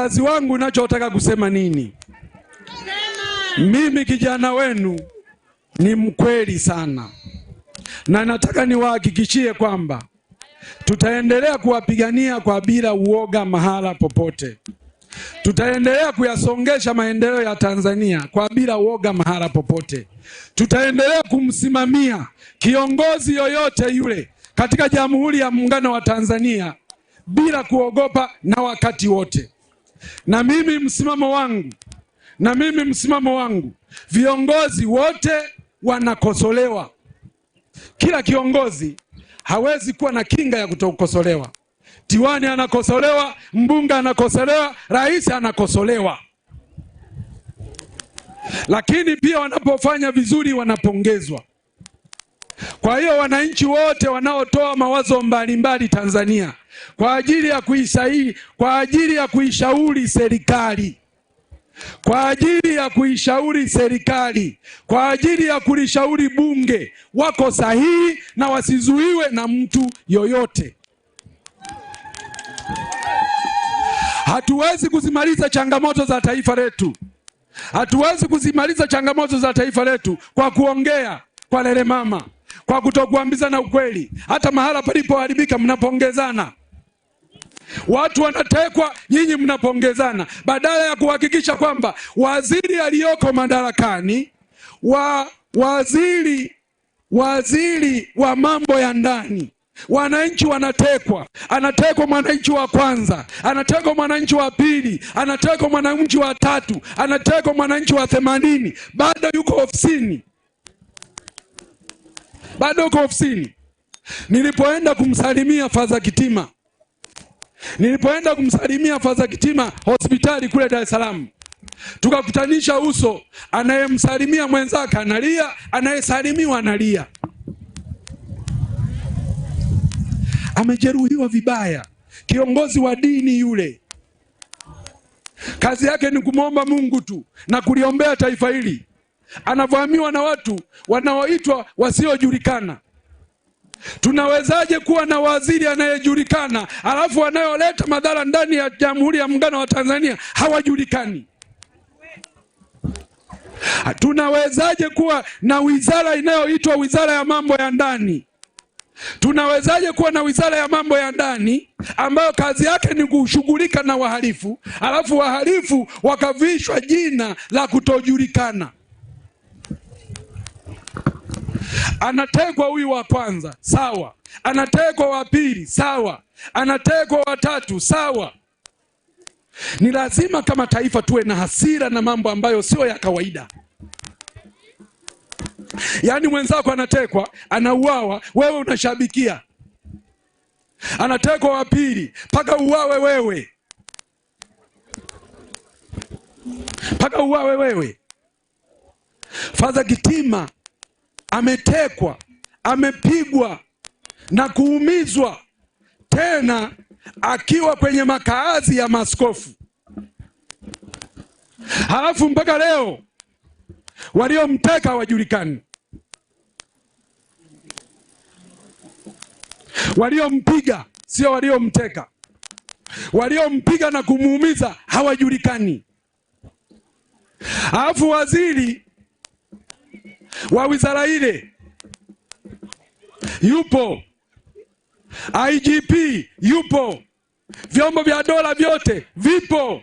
wazazi wangu, nachotaka kusema nini? Mimi kijana wenu ni mkweli sana, na nataka niwahakikishie kwamba tutaendelea kuwapigania kwa bila uoga mahala popote. Tutaendelea kuyasongesha maendeleo ya Tanzania kwa bila uoga mahala popote. Tutaendelea kumsimamia kiongozi yoyote yule katika Jamhuri ya Muungano wa Tanzania bila kuogopa na wakati wote na mimi msimamo wangu na mimi msimamo wangu, viongozi wote wanakosolewa. Kila kiongozi hawezi kuwa na kinga ya kutokosolewa Diwani anakosolewa, mbunge anakosolewa, rais anakosolewa, lakini pia wanapofanya vizuri wanapongezwa. Kwa hiyo wananchi wote wanaotoa mawazo mbalimbali mbali Tanzania kwa ajili ya kuishauri, kwa ajili ya kuishauri serikali kwa ajili ya kuishauri serikali kwa ajili ya kulishauri bunge wako sahihi na wasizuiwe na mtu yoyote. Hatuwezi kuzimaliza changamoto za taifa letu, hatuwezi kuzimaliza changamoto za taifa letu kwa kuongea kwa lele mama kwa kutokuambizana ukweli. Hata mahala palipoharibika mnapongezana, watu wanatekwa, nyinyi mnapongezana, badala ya kuhakikisha kwamba waziri aliyoko madarakani wa waziri waziri wa mambo ya ndani wananchi wanatekwa, anatekwa mwananchi wa kwanza, anatekwa mwananchi wa pili, anatekwa mwananchi wa tatu, anatekwa mwananchi wa themanini, bado yuko ofisini bado uko ofisini. Nilipoenda kumsalimia Faza Kitima, nilipoenda kumsalimia Fadha Kitima hospitali kule Dar es Salaam, tukakutanisha uso, anayemsalimia mwenzake analia, anayesalimiwa analia. Amejeruhiwa vibaya, kiongozi wa dini yule kazi yake ni kumwomba Mungu tu na kuliombea taifa hili anavamiwa na watu wanaoitwa wasiojulikana. Tunawezaje kuwa na waziri anayejulikana alafu wanayoleta madhara ndani ya Jamhuri ya Muungano wa Tanzania hawajulikani? Tunawezaje kuwa na wizara inayoitwa wizara ya mambo ya ndani? Tunawezaje kuwa na wizara ya mambo ya ndani ambayo kazi yake ni kushughulika na wahalifu, alafu wahalifu wakavishwa jina la kutojulikana? anatekwa huyu wa kwanza, sawa. anatekwa wa pili, sawa. anatekwa wa tatu, sawa. Ni lazima kama taifa tuwe na hasira na mambo ambayo sio ya kawaida. Yaani mwenzako anatekwa, anauawa, wewe unashabikia. Anatekwa wa pili mpaka uwawe wewe, mpaka uwawe wewe. Fadha Kitima ametekwa, amepigwa na kuumizwa, tena akiwa kwenye makaazi ya maskofu Halafu mpaka leo waliomteka hawajulikani, waliompiga sio waliomteka, waliompiga na kumuumiza hawajulikani. Halafu waziri wa wizara ile yupo, IGP yupo, vyombo vya dola vyote vipo,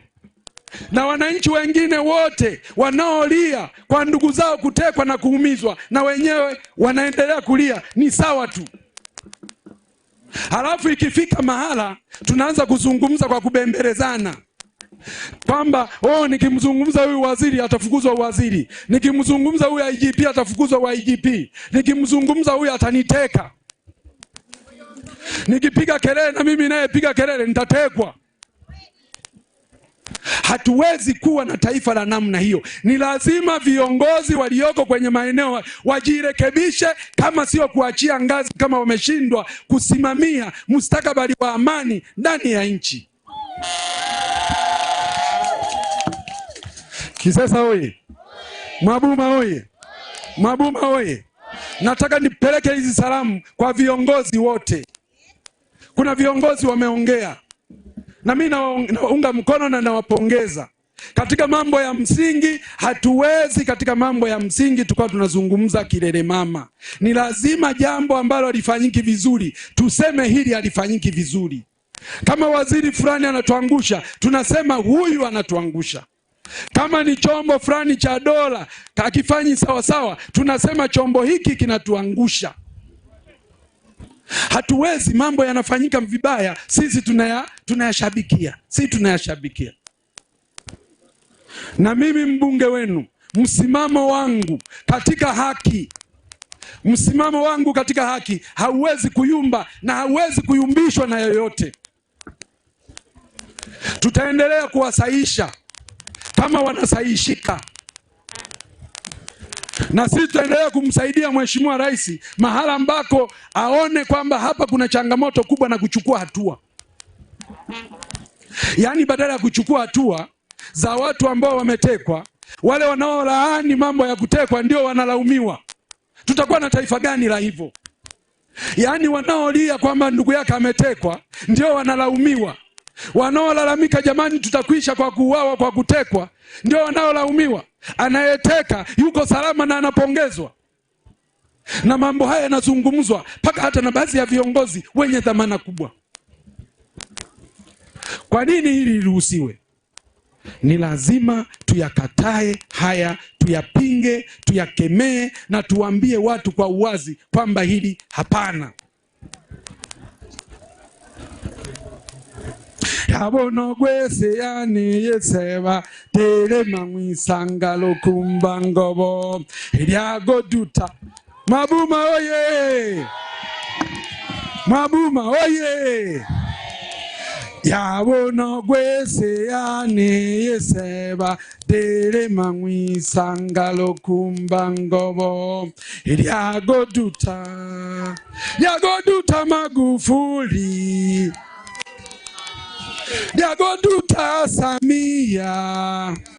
na wananchi wengine wote wanaolia kwa ndugu zao kutekwa na kuumizwa, na wenyewe wanaendelea kulia, ni sawa tu. Halafu ikifika mahala tunaanza kuzungumza kwa kubembelezana kwamba oh, nikimzungumza huyu waziri atafukuzwa waziri, nikimzungumza huyu IGP atafukuzwa IGP, nikimzungumza huyu ataniteka, nikipiga kelele na mimi naye piga kelele nitatekwa. Hatuwezi kuwa na taifa la namna hiyo. Ni lazima viongozi walioko kwenye maeneo wajirekebishe, kama sio kuachia ngazi, kama wameshindwa kusimamia mustakabali wa amani ndani ya nchi. Kisesa oye! Mwabuma oye! Mwabuma oye! Nataka nipeleke hizi salamu kwa viongozi wote. Kuna viongozi wameongea na mi naunga mkono na nawapongeza katika mambo ya msingi. Hatuwezi katika mambo ya msingi tukawa tunazungumza kilele mama. Ni lazima jambo ambalo halifanyiki vizuri tuseme hili halifanyiki vizuri. Kama waziri fulani anatuangusha, tunasema huyu anatuangusha. Kama ni chombo fulani cha dola hakifanyi sawasawa, tunasema chombo hiki kinatuangusha. Hatuwezi, mambo yanafanyika vibaya, sisi tunaya, tunayashabikia, si tunayashabikia. Na mimi mbunge wenu, msimamo wangu katika haki, msimamo wangu katika haki hauwezi kuyumba na hauwezi kuyumbishwa na yoyote. Tutaendelea kuwasaisha kama wanasaishika na sisi tuendelea kumsaidia Mheshimiwa Rais mahala ambako aone kwamba hapa kuna changamoto kubwa na kuchukua hatua. Yaani, badala ya kuchukua hatua za watu ambao wametekwa, wale wanaolaani mambo ya kutekwa ndio wanalaumiwa. Tutakuwa na taifa gani la hivyo? Yaani, wanaolia kwamba ndugu yake ametekwa ndio wanalaumiwa. Wanaolalamika jamani, tutakwisha kwa kuuawa, kwa kutekwa, ndio wanaolaumiwa. Anayeteka yuko salama na anapongezwa, na mambo haya yanazungumzwa mpaka hata na baadhi ya viongozi wenye dhamana kubwa. Kwa nini hili liruhusiwe? Ni lazima tuyakatae haya, tuyapinge, tuyakemee na tuwaambie watu kwa uwazi kwamba hili hapana. kabono gwese yani yeseba terema mwisangalo kumba ngobo eryagoduta mabuma oye mabuma oye yabono gwese yani yeseba terema mwisangalo kumba ngobo eryagoduta lyagoduta magufuli they are going to Tanzania.